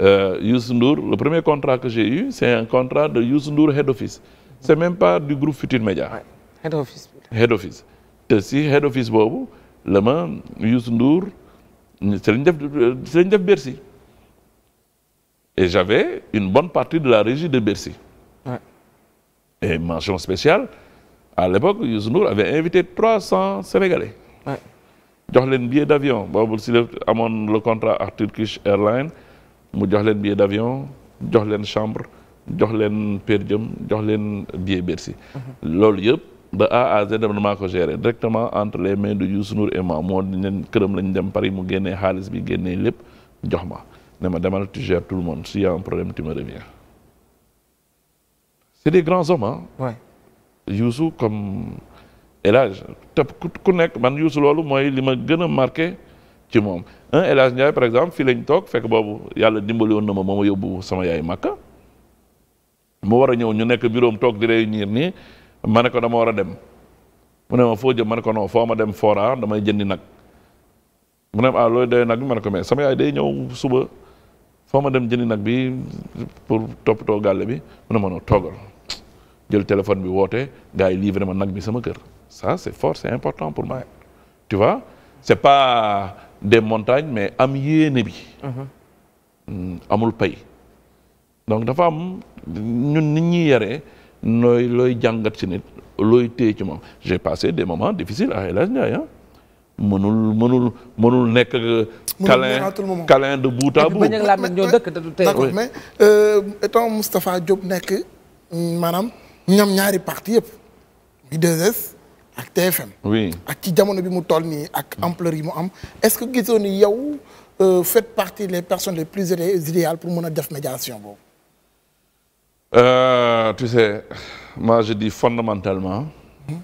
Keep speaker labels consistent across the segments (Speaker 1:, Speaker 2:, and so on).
Speaker 1: Euh, Youssou Ndour le premier contrat que j'ai eu c'est un contrat de Youssou Ndour head office c'est même pas du groupe Futur Média ouais. head office te si head office boobu la ma Youssou Ndour c'est Bercy et j'avais une bonne partie de la régie de Bercy ouais. et mention spéciale à l'époque Youssou Ndour avait invité trois cents Sénégalais jox leen billet d'avion boobu si la amoon le contrat Arctic Airlines mu jox leen billet d'avion jox leen chambre jox leen per diem jox leen billet Bercy mhm. loolu yëpp de A à Z maa ko gérer directement entre les mains de Youssou Ndour et moi moo leen këram lañ dem Paris mu génnee xaalis bi génnee lépp jox ma ne ma demal tu gères tout le monde si y a un problème tu me reviens c'est des grands hommes ah. Ouais. comme El Hadj te ku nekk man Youssou loolu mooy li ma gën a marqué ci moom. ah El par exemple fii lañ toog fekk boobu yàlla dimbali woon na ma ma yóbbu sama yaay Makka mu war a ñëw ñu nekk biroom toog di réunir nii ma ne ko dama war a dem mu ne ma foo jëm ma ne ko non foo ma dem foora damay jëndi nag mu ne ah loolu day nag bi ma ko mais sama yaay day ñëw suba foo ma dem jëndi nag bi pour toppatoo gàlle bi mu ne ma non toogal jël téléphone bi woote gars yi livré ma nag bi sama kër ça c'est fort c'est important pour moi tu vois de montagnes mais am yéene bi. Mhm. Mm, amul pay. donc dafa am ñun nit ñi yaree nooy looy jàngat ci nit looy téye ci moom j'ai passé des moments difficiles à El Hadj Ndiaye ah mënul mënul mënul nekk. Euh, câlin câlin de bout à bout. d'accord mais euh, étant Moustapha Diop nekk maanaam ñoom ñaari parti yëpp. ak TFM. oui ak ci jamono bi mu toll nii ak ampleur yi mu am est-ce que gisoo ni yow euh, faites partie les personnes les plus idéales pour mën a def médiation boobu. Euh, tu sais moi je dis fondamentalement. Hmm?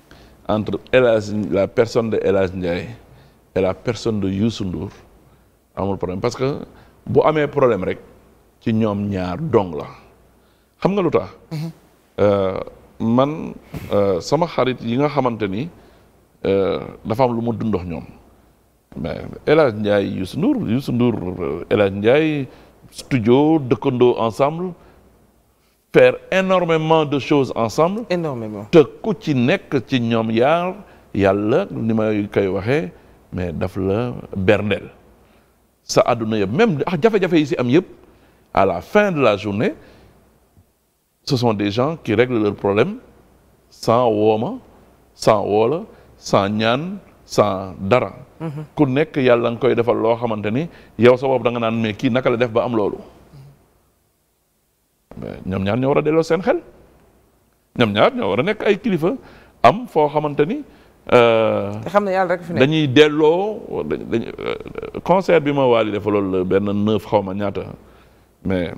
Speaker 1: entre El la personne de El Hadj Ndiaye et la personne de Youssou Ndour amul problème parce que bu amee problème rek ci ñoom ñaar dong la xam nga lu tax. Hmm. Euh, man euh, sama xarit yi nga xamante ni euh, dafa am lu ma dundox ñoom mais El Hadj Ndiaye Youssou Ndour Youssou Ndour euh, El Hadj Ndiaye studio dëkkandoo ensemble faire énormément de choses ensemble. énormément ci nekk ci ñoom yaar yàlla ni may koy waxee mais daf la berndel sa adduna yëpp même ah jafe-jafe yi si am yëpp à la fin de la journée. ce sont des gens qui règlent leurs problèmes sans wooma sans woola sans ñaan sans dara. ku nekk yàlla nga koy defal loo xamante ni yow sa bopp da nga naan mais kii naka la def ba am loolu. ñoom ñaar ñoo war a delloo seen xel ñoom ñaar ñoo war a nekk ay kilifa am foo xamante ni. Euh, xam ne yàlla dañuy delloo dañuy euh, bi ma waali dafa loolu benn neuf xaw ma ñaata mais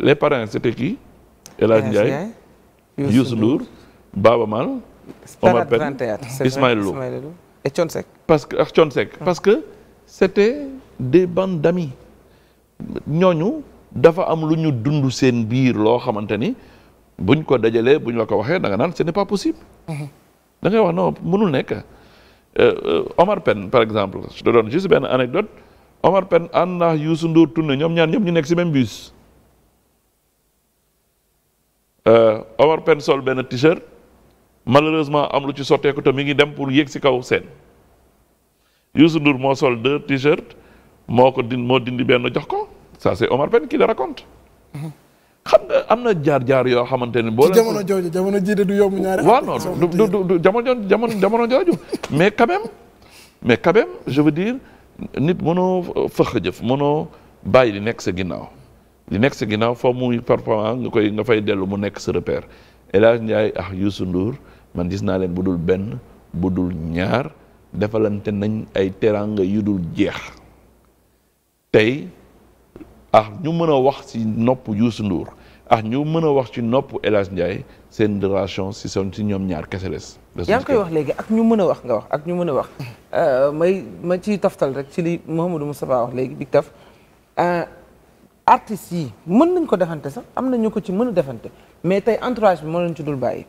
Speaker 1: les parents c'était kii El Hadj Ndiaye Youssou Ndour Baaba Maal Omar Pène Ismaël Lô et parce que ak Thione Seck ah. parce que c'était des dafa am lu ñu dund seen biir loo xamante ni buñ ko dajalee buñ la ko waxee danga nga naan ce n'est pas possible mhm. da ngay wax non mënul nekk euh, euh, Omar Pène par exemple je te donne juste benn anecdote Omar Pène ànd naa Youssou Ndour ñoom ñaan ñëpp ñu nekk ci même bus Euh, Omar Pène sol benn t-shirt malheureusement am lu ci sotteeku te mi ngi dem pour yéeg si kaw seen Youssou Ndour moo sol deux t-shirt moo ko din moo dindi benn jox ko ça c'est Omar Pène qui le raconte. xam nga am na jaar-jaar yoo xamante ni. boo leen jamono jooju jamono jii du yomb ñaari. waaw jamono jamono jooju mais quand mais quand même je dire nit mënoo fëx a jëf mënoo bàyyi di nekk sa ginnaaw. li nekk sa ginnaaw foo muy performance nga koy nga fay dellu mu nekk sa repère El Hadj Ndiaye ak Youssou Ndour man gis naa leen bu dul benn bu dul ñaar defalante nañ ay teraanga yu dul jeex tey ah ñu mën a wax ci nopp Youssou Ndour ah ñu mën a wax ci nopp El Hadj seen relation si son si ñoom ñaar kese les. yaa ngi koy wax léegi ak ñu mën a wax nga wax ak ñu mën a wax euh, may ma ciy toftal rek ci li Mouhamadou Moustapha wax léegi Big Taf. Euh, artistes yi mën nañ ko defante sax am nañu ko ci mën a defante mais tey entourage bi moo leen ci dul bàyyi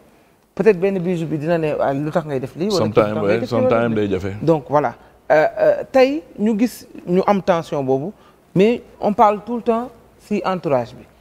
Speaker 1: peut-être benn bijou bi dina ne ah, lu tax ngay def lii. wala sometime day jafe. donc voilà euh, euh, tey ñu gis ñu am tension boobu mais on parle tout le temps si entourage bi.